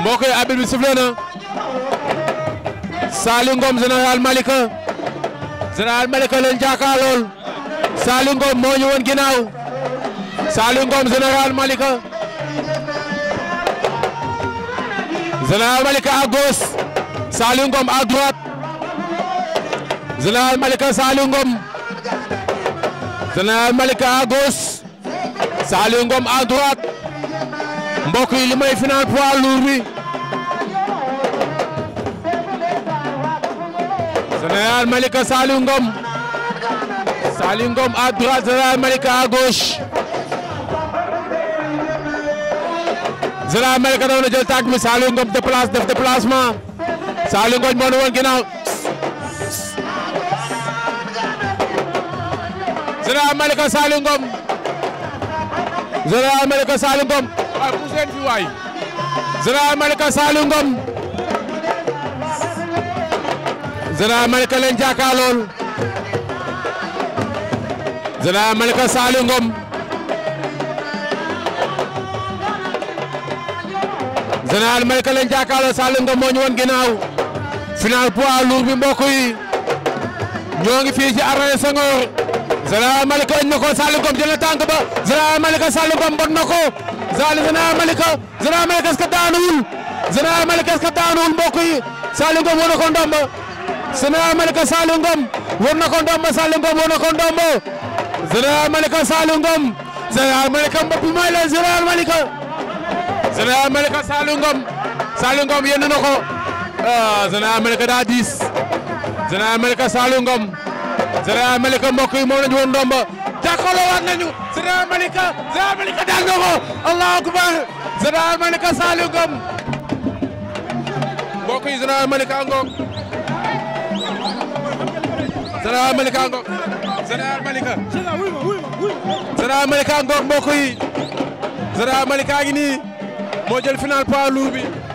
mbokk yi arbitre bi sifflé na Saliou Malika général Malika leen jàkkaarlool Saliou moo ñu woon ginnaaw Saliou Ngom Malika général Malika à gauche Saliou Ngom Malika Saliou Ngom général mbok yi li may final poids lourd bi Malika Saliou Ngom Saliou Malika à gauche Malika daw na jël bi Saliou def déplacement Saliou Ngom moo woon ginnaaw général waaw Ousseyn bi waay. Général Malika Saliou Ngom. Général Malika leen jàkkaarlool. Général Malika Saliou Ngom. Général Malika leen jàkkaarlool Saliou ñoo ngi fii ci arène Général Malika ëñ na ko Saliou Ngom jël na tànk ba Général Malika Saliou Ngom mbot na ko Saliou Général Malika Général Malika est-ce que daanuwul Général Malika est-ce que daanuwul mbokk yi Saliou Ngom war na ko ndomba Général Malika Saliou Ngom war na ko ndomba Saliou Ngom war na ko ndomba Général Malika Saliou Ngom Général Malika mbëpp mooy la Général Malika Général Malika Saliou Ngom Saliou Ngom yenn na ko ah Général Malika daa diis Général Malika Saliou Ngom Général Malika mbokk yi moom la ñu woon ndomba jàkkaarloo waat nañu Général Malika Général Malika daan na ko Malika Saliou Ngom mbokk yi Général Malika Ngom Général Malika Malika Général Malika mbokk yi Général Malika ngi nii moo jël final poids lourd bi